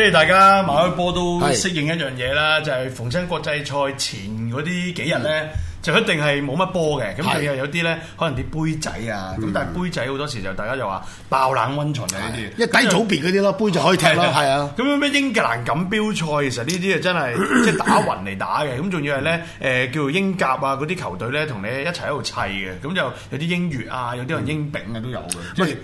即係大家買開波都適應一樣嘢啦，就係逢親國際賽前嗰啲幾日咧，就一定係冇乜波嘅。咁你又有啲咧，可能啲杯仔啊，咁但係杯仔好多時就大家就話爆冷溫床啊嗰啲，一低組別嗰啲咯，杯就可以踢啦。係啊，咁咩英格蘭錦標賽其實呢啲啊真係即係打勻嚟打嘅，咁仲要係咧誒叫做英甲啊嗰啲球隊咧同你一齊喺度砌嘅，咁就有啲英乙啊，有啲人英丙啊都有嘅。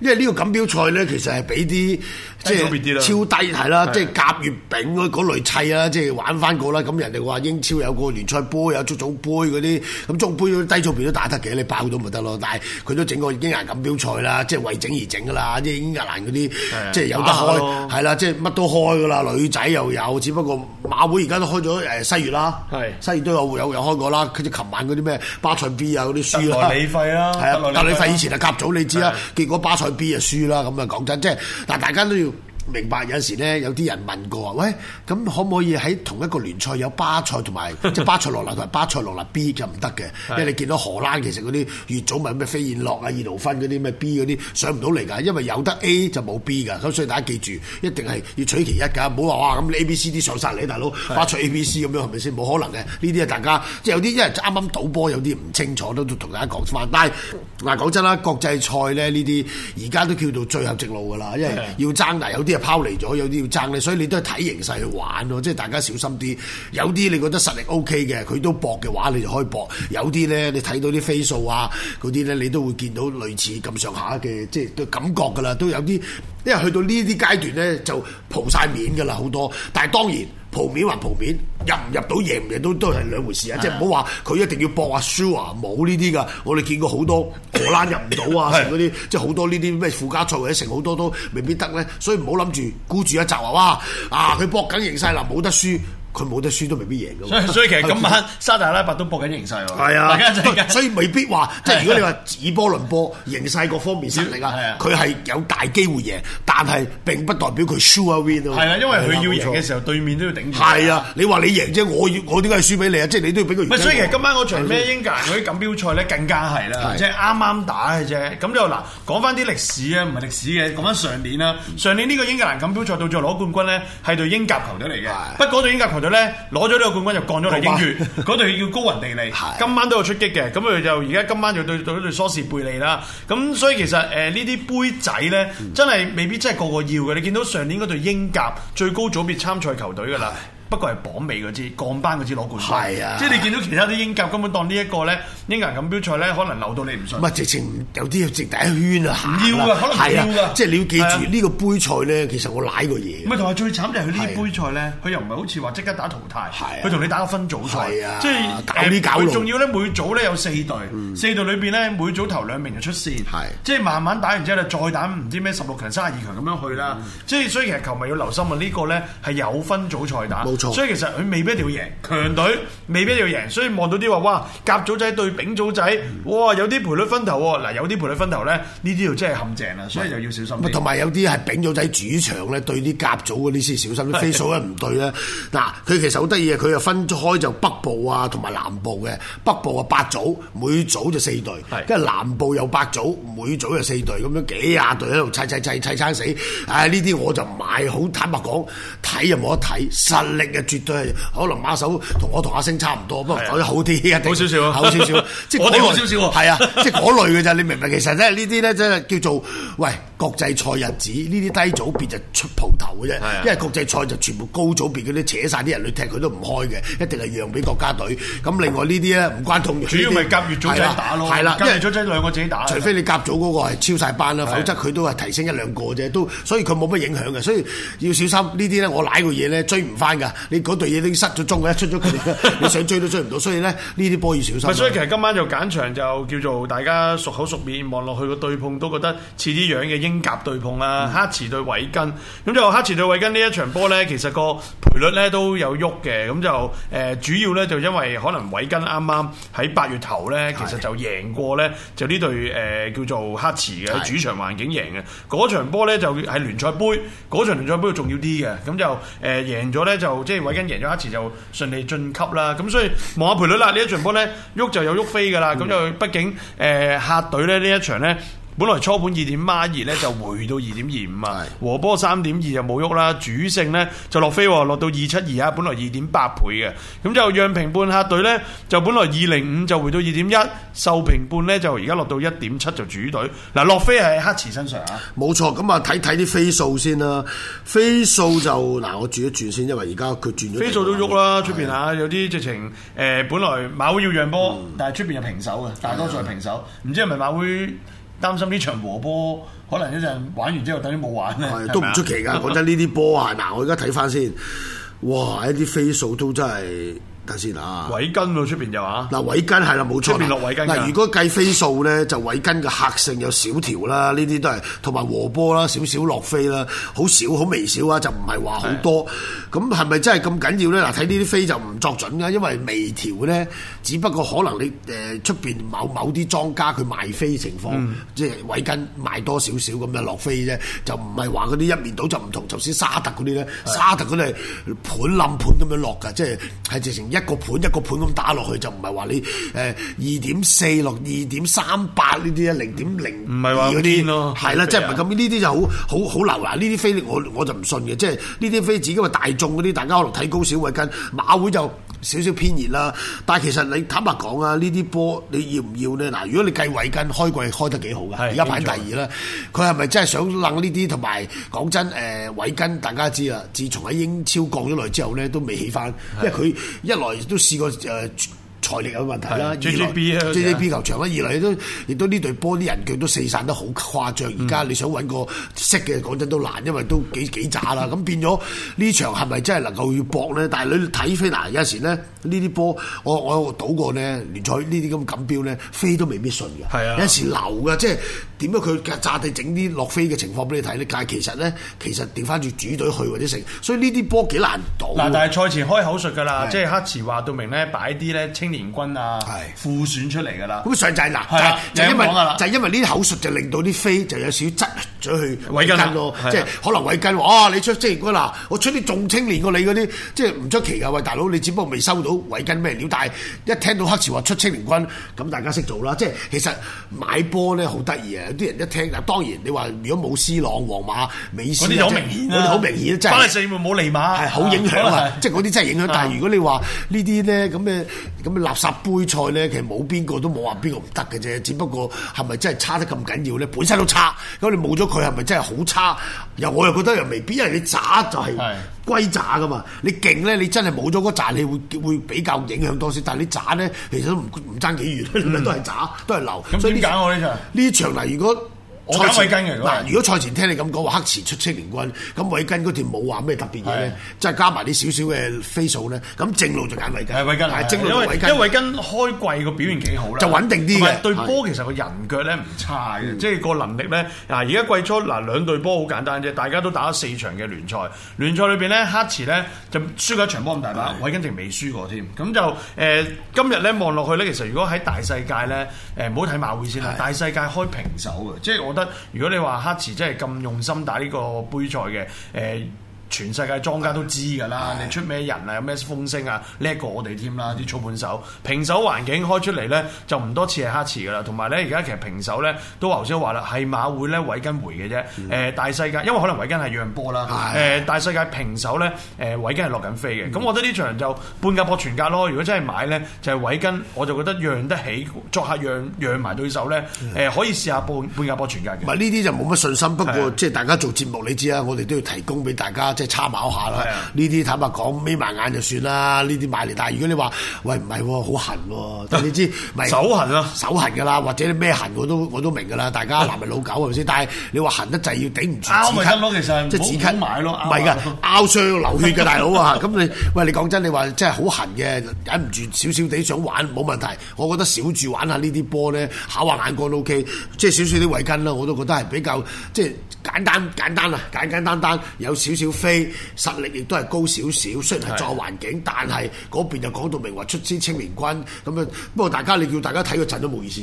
因為呢個錦標賽咧，其實係俾啲即係超低係啦，即係甲乙丙嗰類砌啦，即係玩翻個啦。咁人哋話英超有個聯賽杯，有足總杯嗰啲，咁足杯低組別都打得嘅，你包咗咪得咯。但係佢都整個英格蘭錦標賽啦，即係為整而整噶啦，即係英格蘭嗰啲即係有得開，係啦，即係乜都開噶啦。女仔又有，只不過馬會而家都開咗誒西乙啦，西乙都有有有開過啦。佢就琴晚嗰啲咩巴塞 B 啊嗰啲輸啊，德里費啦，係啊，德里費以前係甲組你知啦，結果巴塞。B 就輸啦，咁啊講真，即係，但係大家都要明白有陣時咧，有啲人問過話，喂，咁可唔可以喺同一個聯賽有巴塞同埋 即係巴塞羅那同埋巴塞羅那 B 就唔得嘅， 因為你見到荷蘭其實嗰啲越早咪咩飛燕諾啊、二奴分嗰啲咩 B 嗰啲上唔到嚟㗎，因為有得 A 就冇 B 㗎，咁所以大家記住，一定係要取其一㗎，唔好話哇咁 A、B、C、D 上曬你大佬， 巴塞 A、B、C 咁樣係咪先？冇可能嘅，呢啲啊大家即係有啲因為啱啱賭波有啲唔清楚都同大家講翻。但係嗱講真啦，國際賽咧呢啲而家都叫做最後直路㗎啦，因為要爭㗎，有啲 拋離咗，有啲要爭你，所以你都係睇形勢去玩咯，即係大家小心啲。有啲你覺得實力 OK 嘅，佢都搏嘅話，你就可以搏。有啲咧，你睇到啲飛數啊，嗰啲咧，你都會見到類似咁上下嘅，即係都感覺噶啦，都有啲，因為去到呢啲階段咧，就蒲晒面噶啦，好多。但係當然。鋪面還鋪面，入唔入到贏唔贏都都係兩回事啊！是的 即係唔好話佢一定要搏啊，輸啊冇呢啲噶，我哋見過好多荷蘭入唔到啊， 成嗰啲即係好多呢啲咩附加賽或者成好多都未必得咧，所以唔好諗住孤注一擲啊！哇啊，佢搏緊贏晒啦，冇得輸。佢冇得輸都未必贏嘅嘛，所以所以其實今晚沙特阿拉伯都搏緊贏勢喎，係啊，所以未必話即係如果你話以波論波贏勢各方面先嚟㗎，佢係有大機會贏，但係並不代表佢 sure win 咯，係啊，因為佢要贏嘅時候對面都要頂住，係啊，你話你贏啫，我我點解輸俾你啊？即係你都要俾佢。所以其實今晚嗰場咩英格蘭嗰啲錦標賽咧更加係啦，即係啱啱打嘅啫。咁就嗱，講翻啲歷史啊，唔係歷史嘅，講翻上年啦，上年呢個英格蘭錦標賽到最後攞冠軍咧係對英格球隊嚟嘅，不過對英格球隊。咧攞咗呢個冠軍就降咗嚟英冠，嗰隊老爸 叫高雲地利， 今晚都有出擊嘅，咁佢就而家今晚就對對呢隊蘇士貝利啦，咁所以其實誒呢啲杯仔咧、嗯、真係未必真係個個要嘅，你見到上年嗰隊英甲最高組別參賽球隊噶啦。 不過係榜尾嗰支降班嗰支攞冠軍，係啊！即係你見到其他啲英格根本當呢一個咧，英人錦標賽咧可能流到你唔信。唔係直情有啲要直打一圈啊！唔要㗎，可能要㗎。即係你要記住呢個杯賽咧，其實我舐過嘢。唔係同埋最慘就係佢呢杯賽咧，佢又唔係好似話即刻打淘汰。佢同你打個分組賽。啊，即係搞啲搞。佢仲要咧每組咧有四隊，四隊裏邊咧每組頭兩名就出線。係，即係慢慢打完之後咧再打唔知咩十六強、三十二強咁樣去啦。即係所以其實球迷要留心啊！呢個咧係有分組賽打。所以其實佢未必一定要贏，強隊未必一定要贏。所以望到啲話哇，甲組仔對丙組仔，哇有啲賠率分頭，嗱有啲賠率分頭咧，呢啲就真係陷阱啦，所以就要小心。同埋有啲係丙組仔主場咧對啲甲組嗰啲先小心，啲飛數咧唔對咧。嗱，佢其實好得意嘅，佢又分開就北部啊同埋南部嘅，北部啊八組，每組就四隊，跟住南部有八組，每組就四隊，咁樣幾廿隊喺度砌砌砌砌撐死。唉，呢啲我就買好坦白講，睇又冇得睇，實力。嘅絕對係，可能馬手同我同阿星差唔多，不過走啲好啲，好少少，好少少， 即係嗰類少少，係啊 對，即係嗰類嘅咋， 你明白，其實咧呢啲呢，真係叫做喂。國際賽日子呢啲低組別就出蒲頭嘅啫，的因為國際賽就全部高組別嗰啲扯晒啲人去踢佢都唔開嘅，一定係讓俾國家隊。咁另外呢啲咧唔關痛。主要咪甲乙組仔打咯，甲乙的為組仔兩個自己打。除非你甲組嗰個係超晒班啦，的否則佢都係提升一兩個啫，都的所以佢冇乜影響嘅，所以要小心呢啲咧。我賴個嘢咧追唔翻㗎，你嗰隊嘢已經失咗蹤啦，出咗佢， 你想追都追唔到。所以咧呢啲波要小心。 所以其實今晚就揀場就叫做大家熟口熟面，望落去個對碰都覺得似啲樣嘅。英甲對碰啊，黑池對韋根，咁就黑池對韋根呢一場波呢，其實個賠率呢都有喐嘅，咁就誒主要呢，就因為可能韋根啱啱喺八月頭呢，其實就贏過呢，就呢隊誒叫做黑池嘅主場環境贏嘅，嗰場波呢，就係聯賽杯，嗰場聯賽杯重要啲嘅，咁就誒贏咗呢，就即係韋根贏咗黑池，就順利晉級啦，咁所以望下賠率啦，呢一場波呢，喐就有喐飛噶啦，咁就畢竟誒客隊呢，呢一場呢。本來初盤二點孖二咧就回到二點二五啊，和波三點二就冇喐啦，主勝呢，就落飛，落到二七二啊，本來二點八倍嘅，咁就讓平半客隊呢，就本來二零五就回到二點一，受平半呢，就而家落到一點七就主隊。嗱、啊，落飛係黑池身上啊？冇錯，咁啊睇睇啲飛數先啦，飛數就嗱我轉一轉先，因為而家佢轉咗。飛數都喐啦，出邊是啊面有啲直情誒、呃、本來馬會要讓波，嗯、但係出邊係平手嘅，大多數係平手，唔、嗯、知係咪馬會。擔心呢場和波，可能一陣玩完之後等於冇玩啊，是吧都唔出奇㗎。講真呢啲波啊，嗱 我而家睇翻先，哇，一啲飛數都真係～睇先啊，韋根啊，出邊就啊，嗱韋根係啦，冇錯，出邊落韋根。嗱，如果計飛數咧，就韋根嘅客性有少條啦，呢啲都係，同埋和波啦，少少落飛啦，好少，好微少啊，就唔係話好多。咁係咪真係咁緊要咧？嗱，睇呢啲飛就唔作準噶，因為微調咧，只不過可能你誒出邊某某啲莊家佢賣飛情況，嗯、即係韋根賣多少少咁樣落飛啫，就唔係話嗰啲一面倒就唔同，就算沙特嗰啲咧，沙特嗰啲係盤冧盤咁樣落嘅，即係係直成一。一個盤一個盤咁打落去，就唔係話你誒二點四六二點三八呢啲啊零點零二唔係話啲咯係啦，即係唔係咁呢啲就好好好流。嗱呢啲飛力我我就唔信嘅，即係呢啲飛紙因為大眾嗰啲大家可能睇高少位跟馬會就。少少偏熱啦，但係其實你坦白講啊，呢啲波你要唔要咧？嗱，如果你計韋根開季開得幾好嘅，而家是排第二啦，佢係咪真係想掹呢啲？同埋講真，誒韋根大家知啊，自從喺英超降咗落嚟之後咧，都未起返，的因為佢一來都試過誒。呃財力有問題啦，二來 JJB 球場，一二來都亦都呢隊波啲人腳都四散得好誇張，而家、嗯、你想揾個識嘅講真都難，因為都幾幾渣啦。咁變咗呢場係咪真係能夠要搏咧？但係你睇飛嗱，有時咧呢啲波，我我賭過呢，聯賽呢啲咁錦標咧飛都未必順嘅，是的 有時流嘅即係。點解佢炸地整啲落飛嘅情況俾你睇呢？但係其實咧，其實調翻住主隊去或者剩，所以呢啲波幾難倒。但係賽前開口術㗎啦，是即係黑池話到明咧，擺啲咧青年軍啊，係副是選出嚟㗎啦。咁上陣嗱，啊啊、就因為就因為呢啲口術就令到啲飛就有少少擠咗去維根咯，根啊、即係可能維根。哇、啊，你出青年軍即係嗱，我出啲重青年過你嗰啲，即係唔出奇㗎。喂，大佬，你只不過未收到維根咩料？但係一聽到黑池話出青年軍，咁大家識做啦。即係其實買波咧好得意啊。有啲人一聽嗱，當然你話如果冇 C 朗、皇馬、美斯，嗰啲好明顯啊，嗰啲好明顯啊，真係巴塞冇尼馬，係好影響啊，即係嗰啲真係影響。是但係如果你話呢啲咧，咁嘅咁嘅垃圾杯賽咧，其實冇邊個都冇話邊個唔得嘅啫，只不過係咪真係差得咁緊要咧？本身都差，咁你冇咗佢係咪真係好差？又我又覺得又未必，因為你渣就係、是。龜渣㗎嘛，你勁咧，你真係冇咗嗰渣，你會會比較影響多少。但係你渣咧，其實都唔唔爭幾遠，都係渣，都係流。咁呢、嗯、場我呢場呢場嗱，如果。賽前我揀偉根嘅嗱，如果賽前聽你咁講話，黑池出青年軍，咁偉根嗰條冇話咩特別嘢咧，即係的加埋啲少少嘅飛數咧，咁正路就揀偉根。係偉根，係正路偉根。因為偉根開季個表現幾好啦、嗯，就穩定啲。嘅對波其實個人腳咧唔差嘅，即係的個能力咧嗱。而家季初嗱兩隊波好簡單啫，大家都打咗四場嘅聯賽，聯賽裏邊咧黑池咧就輸過一場波咁大把，偉的根仲未輸過添。咁就誒、呃、今日咧望落去咧，其實如果喺大世界咧誒，唔好睇馬會先啦。的大世界開平手嘅，即係我。如果你話黑池真係咁用心打呢個杯賽嘅，誒、呃。全世界莊家都知㗎啦，的你出咩人啊？有咩風聲啊？叻過我哋添啦！啲操盤手、嗯、平手環境開出嚟咧，就唔多次係黑池㗎啦。同埋咧，而家其實平手咧，都話頭先話啦，係馬會咧韋根回嘅啫。誒、嗯呃、大世界，因為可能韋根係讓波啦。誒的、呃、大世界平手咧，誒韋根係落緊飛嘅。咁、嗯、我覺得呢場就半價博全價咯。如果真係買咧，就係、是、韋根，我就覺得讓得起，作客讓讓埋對手咧，誒、嗯呃、可以試下半半價博全價嘅。唔係呢啲就冇乜信心，不過即係大家做節目你知啦、啊，我哋都要提供俾大家。即係參考下啦，呢啲坦白講眯埋眼就算啦，呢啲買嚟。但係如果你話喂唔係好痕，哦哦、但你知手痕啊，手痕嘅啦，或者咩痕我都我都明嘅啦。大家男人老狗係咪先？但係你話痕得滯要頂唔住，咯，其實即係止咳埋咯，唔係㗎拗傷流血嘅大佬啊！咁 你喂，你講真，你話即係好痕嘅，忍唔住少少地想玩冇問題。我覺得少住玩下呢啲波咧，考下眼過都 OK。即係少少啲圍巾啦，我都覺得係比較即係、就是就是、簡，簡單簡單啊，簡簡單單，單有少少。實力亦都係高少少，雖然係再環境，但係嗰邊又講到明話出資青年軍咁啊。不過大家你叫大家睇個陣都冇意思，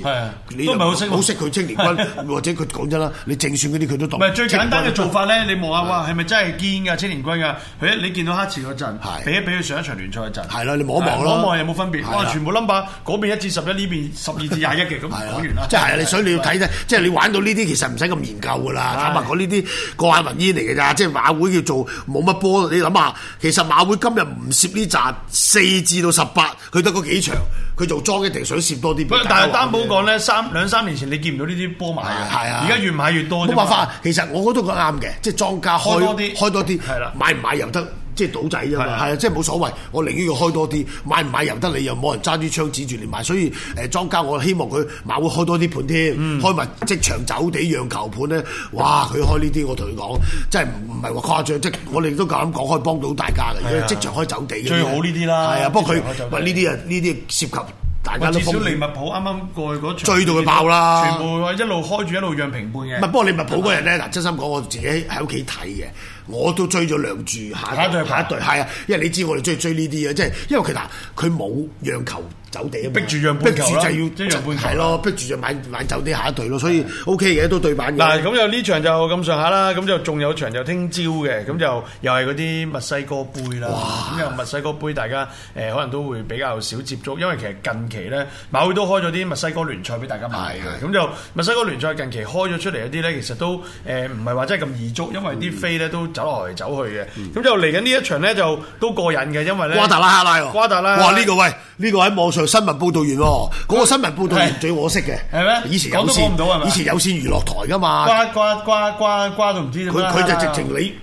你都唔係好識好識佢青年軍，或者佢講咗啦。你正選嗰啲佢都唔係最簡單嘅做法咧。你望下哇，係咪真係堅㗎青年軍㗎？你見到黑池嗰陣，俾一俾佢上一場聯賽嘅陣，係你望一望啦，有冇分別？全部 number 嗰邊一至十一，呢邊十二至廿一嘅咁講完啦。即啊，你，所以你要睇咧，即係你玩到呢啲，其實唔使咁研究㗎啦。咁啊，我呢啲過眼雲煙嚟嘅咋，即係馬會叫做。冇乜波，你諗下，其實馬會今日唔攝呢扎四至到十八，佢得嗰幾場，佢做莊一定想攝多啲。不過但係擔保講咧，三兩三年前你見唔到呢啲波買嘅，而家、啊、越買越多。冇辦法，其實我覺得佢啱嘅，即係莊家開多啲，開多啲，係啦，的買唔買又得。即係賭仔啫嘛，係啊的，的即係冇所謂，我寧願要開多啲，買唔買由得你，又冇人揸支槍指住你買，所以誒、呃、莊家我希望佢馬會開多啲盤添，嗯、開埋即場走地讓球盤咧，哇！佢開呢啲我同佢講，真係唔係話誇張，即係我哋都夠膽講可以幫到大家嘅，的因為即場開走地嘅，最好呢啲啦，係啊，不過佢喂，呢啲啊，呢啲涉及。大家都至少利物浦啱啱過去嗰場，追到佢爆啦！全部一路開住一路讓平半嘅。唔係，不過利物浦嗰日咧，嗱吧，真心講，我自己喺屋企睇嘅，我都追咗兩注，下一隊，下一隊，係啊，因為你知我哋中意追呢啲啊，即係因為其實，佢冇讓球。走地啊！逼住讓半球咯，逼住就要即係讓半球，係咯，逼住就買買走地下一隊咯，所以 O K 嘅都對版嘅。嗱，咁就呢場就咁上下啦，咁就仲有場就聽朝嘅，咁就又係嗰啲墨西哥杯啦。咁就墨西哥杯，大家誒可能都會比較少接觸，因為其實近期咧，馬會都開咗啲墨西哥聯賽俾大家買嘅。咁就墨西哥聯賽近期開咗出嚟一啲咧，其實都誒唔係話真係咁易捉，因為啲飛咧都走嚟走去嘅。咁就嚟緊呢一場咧，就都過癮嘅，因為咧瓜達拉哈拉喎，瓜達拉哇呢個喂，呢個喺網上。新聞報導員喎，嗰個新聞報導員最可惜嘅，係咩？以前有線，以前有線娛樂台㗎嘛。瓜瓜瓜瓜瓜到唔知啦。佢佢就直情你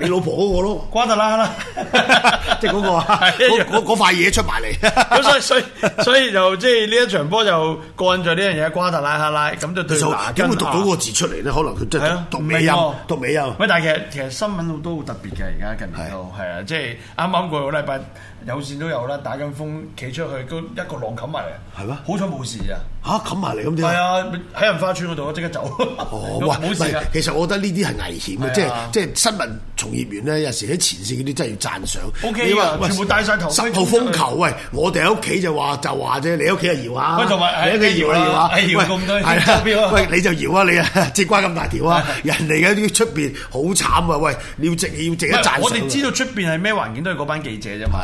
你老婆嗰個咯。瓜達拉哈拉，即係嗰個嗰塊嘢出埋嚟。咁所以所以所以就即係呢一場波就幹咗呢樣嘢。瓜達拉哈拉咁就對牙根頭。點會讀到個字出嚟咧？可能佢即係讀尾音，讀尾音。喂，但係其實其實新聞都好特別嘅，而家近排。都係啊，即係啱啱過個禮拜。有線都有啦，打緊風企出去，都一個浪冚埋嚟，係咩？好彩冇事啊！嚇，冚埋嚟咁點啊？係啊，喺杏花村嗰度，即刻走。哦，唔好事啊！其實我覺得呢啲係危險嘅，即係即係新聞從業員咧，有時喺前線嗰啲真係要讚賞。O K，你話全部戴曬頭盔、十號風球，喂，我哋喺屋企就話就話啫，你屋企就搖下，喺屋企搖下搖下，搖咁多啊！喂，你就搖啊你啊，節瓜咁大條啊！人哋嘅啲出邊好慘啊！喂，你要值要值一讚，我哋知道出邊係咩環境都係嗰班記者啫嘛。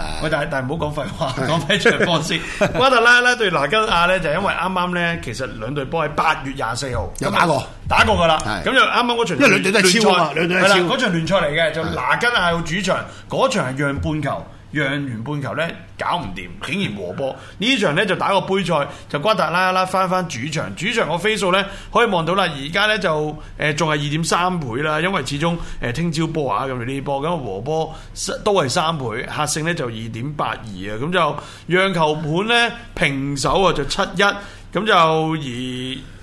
但係唔好講廢話，講翻是的 場波先。 瓜特拉拉對拿根亞咧，就因為啱啱咧，其實兩隊波喺八月廿四號有打過，打過噶啦。咁的就啱啱嗰場，因為兩隊都係超賽，兩隊係超，嗰場聯賽嚟嘅，是的 就拿根亞係主場，嗰場係讓半球。讓完半球呢，搞唔掂，竟然和波呢、嗯、場呢，就打個杯賽，就瓜達拉拉返返主場，主場個飛數呢，可以望到啦，而家呢，就誒、呃、仲係二點三倍啦，因為始終誒聽朝波啊咁樣呢波咁和波都係三倍，客勝呢就二點八二啊，咁就讓球盤呢，平手啊就七一，咁就而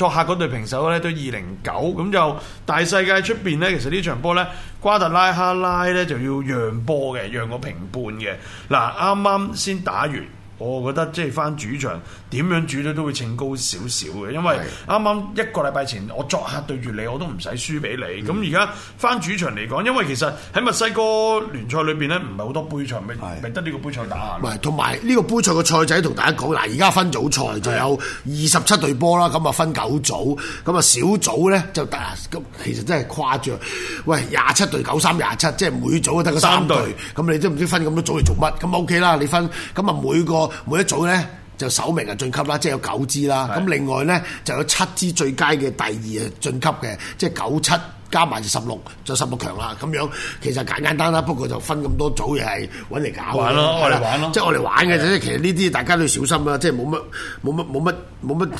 作客嗰隊平手咧都二零九，咁就大世界出邊咧。其實呢場波咧瓜特拉哈拉咧就要讓波嘅，讓個平半嘅嗱，啱啱先打完。我覺得即係翻主場點樣主隊都都會秤高少少嘅，因為啱啱一個禮拜前我作客對住你，我都唔使輸俾你。咁而家翻主場嚟講，因為其實喺墨西哥聯賽裏邊咧，唔係好多杯賽，咪得呢個杯賽打。同埋呢個杯賽嘅賽制同大家講嗱，而家分組賽就有二十七隊波啦，咁啊分九組，咁啊小組咧就大，咁其實真係誇張。喂，廿七隊九三廿七，93, 27，即係每組得個三隊，咁隊你都唔知分咁多組嚟做乜。咁 OK 啦，你分咁啊每個。每一組咧就首名啊晉級啦，即係有九支啦。咁是的 另外咧就有七支最佳嘅第二晉級嘅，即係九七加埋十六就十六強啦。咁樣其實簡簡單啦，不過就分咁多組嘢搵嚟搞我玩咯，我玩吧即係我哋玩嘅啫。是的 其實呢啲大家都要小心啦，即係冇乜冇乜冇乜冇乜。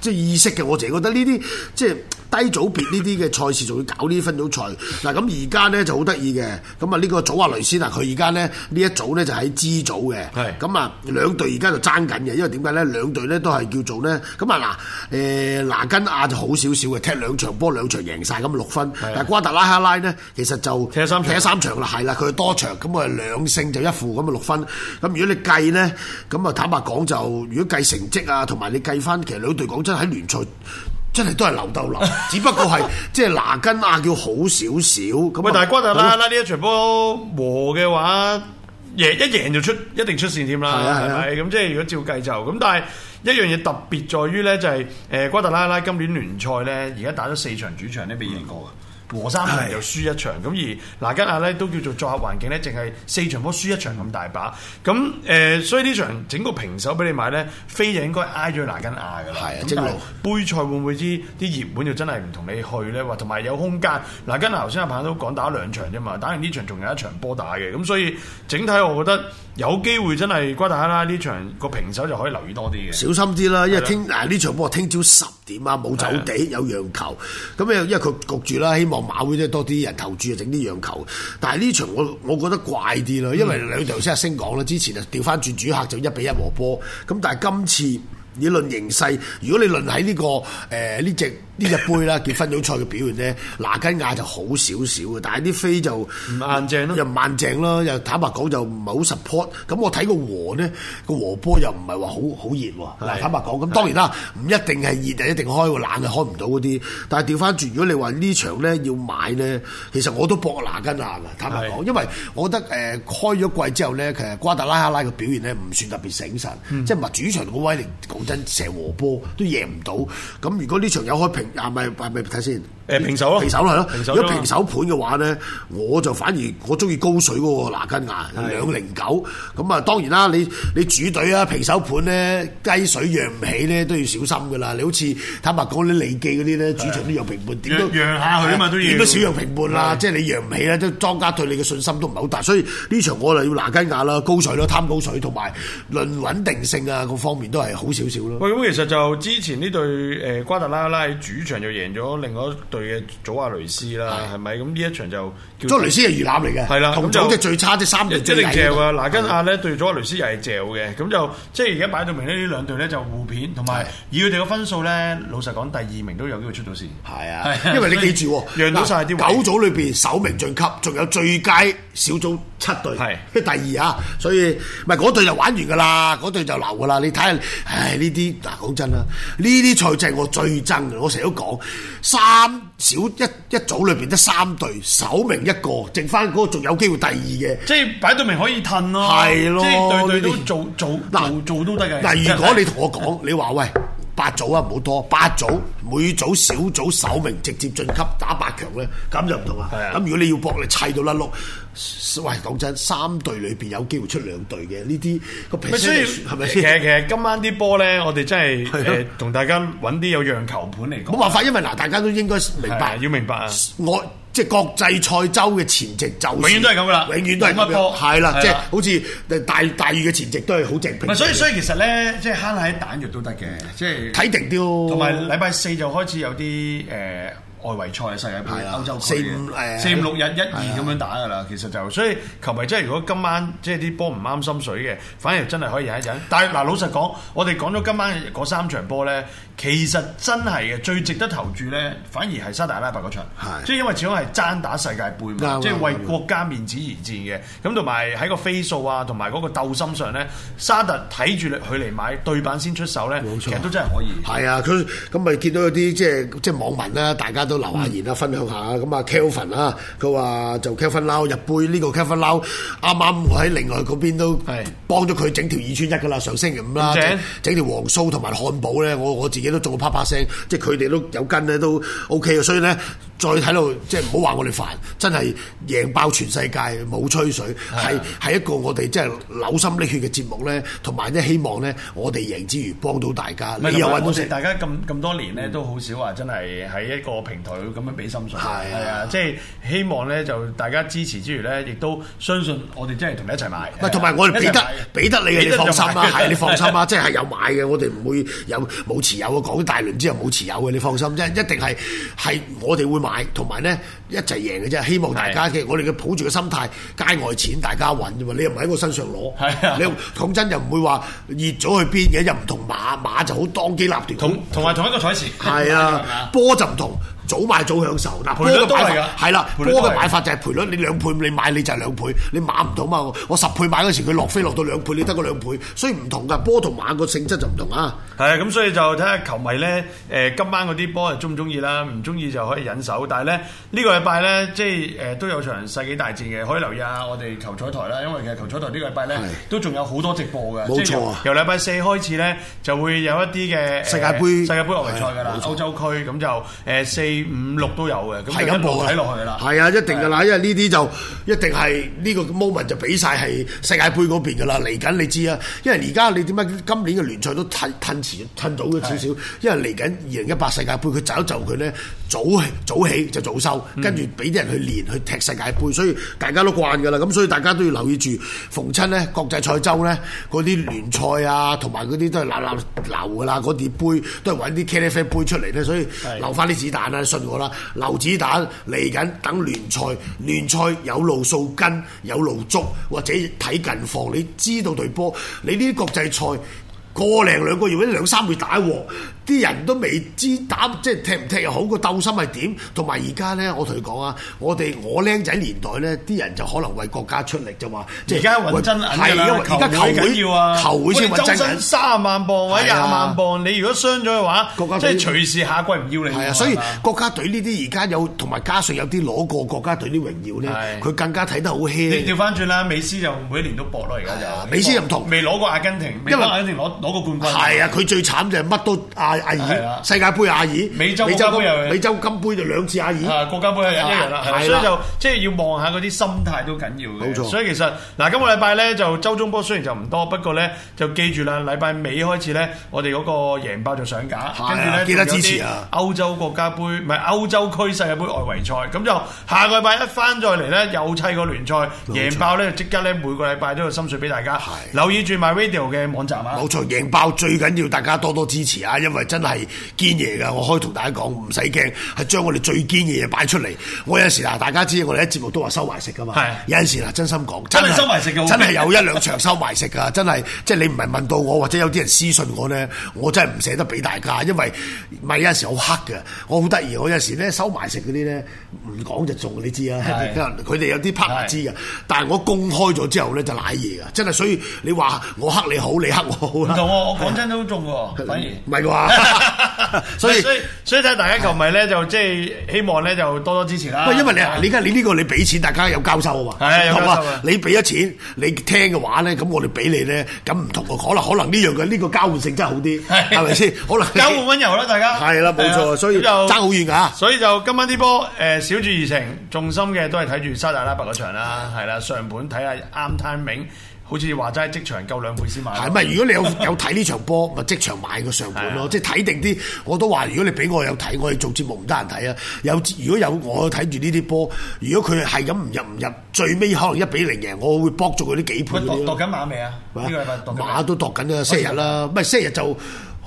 即係意識嘅，我淨係覺得呢啲即係低組別呢啲嘅賽事仲要搞呢啲分組賽。嗱咁而家咧就好得意嘅，咁啊呢個祖亞雷斯啊，佢而家咧呢一組咧就喺支組嘅。係是。咁啊兩隊而家就爭緊嘅，因為點解咧兩隊咧都係叫做咧咁啊嗱誒、呃、拿根亞就好少少嘅，踢兩場波兩場贏曬，咁六分。的但瓜達拉哈拉咧其實就踢三踢三場啦，係啦，佢多場咁啊兩勝就一負咁啊六分。咁如果你計咧咁啊坦白講就如果計成績啊同埋你計翻其實兩隊講。真係喺聯賽，真係都係流鬥流， 只不過係即係拿根阿叫好少少咁。就是、喂，但係瓜特拉拉呢一場波和嘅話，贏 一贏就出一定出線添啦，係咪，啊啊？咁即係如果照計就咁，但係一樣嘢特別在於咧，就係、是、誒、呃、瓜特拉拉今年聯賽咧，而家打咗四場主場咧未贏過嘅。嗯和三平又輸一場，咁的而那根亞咧都叫做作客環境咧，淨係四場波輸一場咁大把，咁誒、呃，所以呢場整個平手俾你買咧，飛就應該挨咗那根亞㗎啦。係啊，即係杯賽會唔會知啲熱門就真係唔同你去咧？話同埋有空間，那根亞頭先阿彭都講打兩場啫嘛，打完呢場仲有一場波打嘅，咁所以整體我覺得有機會真係瓜大拉呢場個平手就可以留意多啲嘅。小心啲啦，因為聽嗱呢場波聽朝十點啊，冇走地了有讓球，咁因為佢焗住啦，希望。馬會即多啲人投注啊，整啲樣球。但係呢場我我覺得怪啲咯，因為兩頭先阿聲講啦，之前啊調翻轉主客就一比一和波，咁但係今次。你論形勢，如果你論喺呢個誒呢隻呢隻杯啦，結婚咗賽嘅表現咧，拿根亞就好少少嘅，但係啲飛就唔硬淨咯，又唔硬淨咯，又坦白講就唔係好 support。咁我睇個和呢，個和波又唔係話好好熱喎。嗱，坦白講，咁當然啦，唔一定係熱就一定開喎，個冷就開唔到嗰啲。但係調翻轉，如果你話呢場咧要買咧，其實我都搏拿根亞噶。坦白講，因為我覺得誒開咗季之後咧，其實瓜達拉哈拉嘅表現咧唔算特別醒神，即係唔係主場個威力嚟講。真成和波都贏唔到，咁如果呢場有開平啊，咪係咪睇先？誒平手咯，平手係咯。如果平手盤嘅話咧，我就反而我中意高水嗰、嗰個拿斤亞兩零九。咁啊的當然啦，你你主隊啊平手盤咧雞水讓唔起咧都要小心㗎啦。你好似坦白講你利記嗰啲咧主場都有平盤，點的都讓下佢啊嘛都要，點都少有平盤啦。即係你讓唔起咧，即莊家對你嘅信心都唔係好大。所以呢場我就要拿斤亞啦，高水咯，貪高水同埋論穩定性啊，各方面都係好少少。喂，咁其實就之前呢隊誒瓜特拉拉喺主場就贏咗另外一隊嘅祖阿雷斯啦，係咪？咁呢一場就叫做祖阿雷斯係魚腩嚟嘅，係啦，同組好最差啲三隻。即係啊！嗱，跟阿呢對祖阿雷斯又係掉嘅，咁就即係而家擺到明呢，呢兩隊呢就互片，同埋以佢哋嘅分數呢，老實講第二名都有機會出到線。係啊，因為你記住，楊老曬啲九組裏邊首名晉級，仲有最佳小組七隊，係即第二啊，所以唔係嗰隊就玩完㗎啦，嗰隊就流㗎啦。你睇下，唉！呢啲嗱，講真啦，呢啲賽制係我最憎嘅，我成日都講三少一一組裏邊得三隊，首名一個，剩翻嗰個仲有機會第二嘅，即係擺到明可以褪咯、啊，的即係對對都做些做嗱做，那做都得嘅。嗱那，如果你同我講， 你話喂。八組啊，唔好多，八組每組小組首名直接進級打八強咧，咁就唔同啦。咁係啊，如果你要搏，你砌到甩碌，喂，講真，三隊裏邊有機會出兩隊嘅呢啲個比賽，係咪先以？其實其實今晚啲波咧，我哋真係同係、啊呃、大家揾啲有讓球盤嚟講。冇辦法，因為嗱、呃，大家都應該明白，啊、要明白啊，我。即係國際賽周嘅前夕就是、永遠都係咁噶啦，永遠都係咁多，係啦，即係好似大大雨嘅前夕都係好靜平。所以所以其實咧，即係慳下啲彈藥都得嘅，即係睇定啲咯。同埋禮拜四就開始有啲誒。呃外圍賽嘅世界盃啊，歐洲區嘅四五六日一二咁樣打㗎啦，其實就所以球迷即係如果今晚即係啲波唔啱心水嘅，反而真係可以忍一忍。但係嗱老實講，我哋講咗今晚嗰三場波咧，其實真係嘅最值得投注咧，反而係沙特阿拉伯嗰場，即係因為始終係爭打世界盃即係為國家面子而戰嘅。咁同埋喺個飛數啊，同埋嗰個鬥心上咧，沙特睇住佢嚟買對板先出手咧，冇錯，其實都真係可以。係啊，佢咁咪見到有啲即係即係網民啦，大家都。留下言啦，分享下。咁啊，Kelvin 啊，佢話就 Kelvin Lau 入杯呢個 Kelvin Lau 啱啱喺另外嗰邊都幫咗佢整條二串一噶啦，上星期五啦，整條黃蘇同埋漢堡咧，我我自己都做啪啪聲，即係佢哋都有跟咧都 O K 啊，所以咧。再睇到即係唔好話我哋煩，真係贏爆全世界，冇吹水，係係一個我哋即係扭心瀝血嘅節目咧，同埋咧希望咧，我哋贏之餘幫到大家，又或者大家咁咁多年咧都好少話真係喺一個平台咁樣俾心水，係啊，即係希望咧就大家支持之餘咧，亦都相信我哋真係同你一齊買，唔係同埋我哋俾得俾得你嘅，你放心啦，係你放心啦，即係有買嘅，我哋唔會有冇持有啊講大輪之後冇持有嘅，你放心，即係一定係係我哋會。買同埋咧一齊贏嘅啫，希望大家嘅是的 我哋嘅抱住嘅心態，街外錢大家揾啫嘛，你又唔喺我身上攞，是的 你講真又唔會話熱咗去邊嘅，又唔同馬，馬就好當機立斷，同同埋同一個賽事，係啊是的，波就唔同。早買早享受嗱，賠率都係啊，係啦，波嘅買法就係賠率，你兩倍你買你就係兩倍，你買唔到嘛，我十倍買嗰時佢落飛落到兩倍，你得個兩倍，所以唔同噶，波同馬個性質就唔同啊。係啊，咁所以就睇下球迷咧，誒今晚嗰啲波係中唔中意啦？唔中意就可以忍手，但係咧呢個禮拜咧即係誒都有場世紀大戰嘅，可以留意下我哋球彩台啦，因為其實球彩台呢個禮拜咧都仲有好多直播嘅，冇錯，由禮拜四開始咧就會有一啲嘅世界盃世界盃外圍賽㗎啦，歐洲區咁就誒四。五、六都有嘅，係咁睇落去啦，係啊，一定嘅啦，因為呢啲就一定係呢個 moment 就比晒係世界盃嗰邊嘅啦。嚟緊你知啊，因為而家你點解今年嘅聯賽都褪遲褪早咗少少，點點是的 因為嚟緊二零一八世界盃，佢走一就佢咧早早起就早收，跟住俾啲人去練去踢世界盃，所以大家都慣嘅啦。咁所以大家都要留意住，逢親咧國際賽週咧嗰啲聯賽啊，同埋嗰啲都係流流流嘅啦，嗰啲杯都係揾啲 c a t f 杯出嚟咧，所以留翻啲子彈啦，啊。信我啦，留子彈嚟緊，等聯賽，聯賽有路數跟，有路足，或者睇近況，你知道對波，你呢啲國際賽，過零兩個月或者兩三會打鑊。啲人都未知打即係踢唔踢又好，個鬥心係點？同埋而家咧，我同你講啊，我哋我僆仔年代咧，啲人就可能為國家出力就話，即係而家揾真銀㗎啦。而家球會要啊，球會先揾真銀，三萬磅或者廿萬磅。你如果傷咗嘅話，國家即係隨時下季唔要你。係啊，所以國家隊呢啲而家有同埋加上有啲攞過國家隊啲榮耀咧，佢更加睇得好輕。你調翻轉啦，美斯就每年都搏咯，而家就美斯又唔同，未攞過阿根廷，因為阿根廷攞攞過冠軍。係啊，佢最慘就係乜都亞爾世界盃亞爾，美洲美洲盃又美洲金盃就兩次亞爾，國家盃又一樣啦，所以就即係要望下嗰啲心態都緊要嘅，冇錯，所以其實嗱，今個禮拜咧就周中波雖然就唔多，不過咧就記住啦，禮拜尾開始咧，我哋嗰個贏爆就上架，跟住咧記得支持啊！歐洲國家盃唔係歐洲區世界盃外圍賽，咁就下個禮拜一翻再嚟咧，有七個聯賽贏爆咧，即刻咧每個禮拜都有心水俾大家，留意住 my radio 嘅網站啊！冇錯，贏爆最緊要大家多多支持啊，因為真係堅嘢㗎，我可以同大家講，唔使驚，係將我哋最堅嘅嘢擺出嚟。我有陣時嗱，大家知我哋喺節目都話收埋食㗎嘛。係的。有陣時嗱，真心講，真係收埋食嘅，真係有一兩場收埋食㗎。真係，即係你唔係問到我，或者有啲人私信我咧，我真係唔捨得俾大家，因為唔係、啊、有陣時好黑嘅，我好得意。我有時咧收埋食嗰啲咧，唔講就中，你知啊。佢哋的有啲拍埋知嘅，的但係我公開咗之後咧就賴嘢㗎，真係。所以你話我黑你好，你神黑我好笑 2 我我講真都中喎，反而。唔係㗎。 所以所以所以睇大家球迷咧，就即係希望咧，就多多支持啦、啊。喂，因為你、啊、你家你呢、這個你俾錢，大家有交收啊嘛。係有交收啊。有你俾咗錢，你聽嘅話咧，咁我哋俾你咧，咁唔同啊。可能可能呢樣嘅呢個交換性真係好啲，係咪先？可能、這個這個、交換温、啊、柔啦、啊，大家係啦，冇錯、啊。所以、啊、所以就爭好遠噶。遠啊、所以就今晚呢波誒、呃，小注怡情，重心嘅都係睇住沙達拉伯嗰場啦、啊。係啦、啊啊，上盤睇下啱 timing。 好似話齋，即場夠兩倍先買。係咪？如果你有有睇呢場波，咪即場買個上盤咯。的即睇定啲，我都話：如果你俾我有睇，我哋做節目唔得閒睇啊。有，如果有我睇住呢啲波，如果佢係咁唔入唔入，最尾可能一比零贏，我會博足佢啲幾倍。唔係，度緊馬未啊？馬都度緊啦，四日啦、啊，唔係四日就。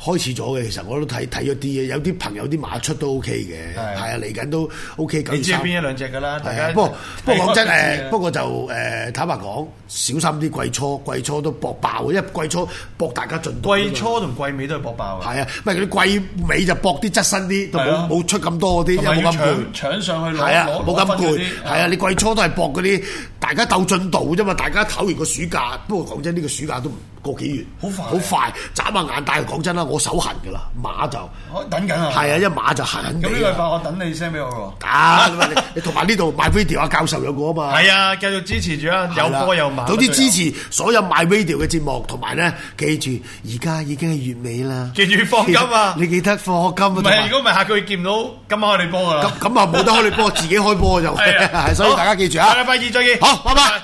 開始咗嘅，其實我都睇睇咗啲嘢，有啲朋友啲馬出都 OK 嘅，係啊，嚟緊都 OK。知唔知邊一兩隻㗎啦？係啊，不過不過講真誒，不過就誒坦白講，小心啲，季初季初都搏爆，因為季初搏大家進度。季初同季尾都係搏爆嘅。係啊，唔係佢啲季尾就搏啲質素啲，都冇冇出咁多嗰啲，冇咁攰。搶上去攞，冇咁攰。係啊，你季初都係搏嗰啲大家鬥進度啫嘛，大家唞完個暑假。不過講真，呢個暑假都。唔。個幾月好快，好快眨下眼。但係講真啦，我手痕噶啦，馬就等緊啊，係啊，一馬就痕。咁呢樣嘢，我等你 send 俾我咯。咁你同埋呢度 MyRadio 啊，教授有個啊嘛。係啊，繼續支持住啊，有波有馬。總之支持所有 MyRadio 嘅節目，同埋咧，記住而家已經係月尾啦。記住放金啊！你記得放金啊！唔係，如果唔係下個月見唔到，今晚開你波噶啦。咁咁啊，冇得開，你波，自己開波就係，所以大家記住啊！下禮拜二再見，好，拜拜。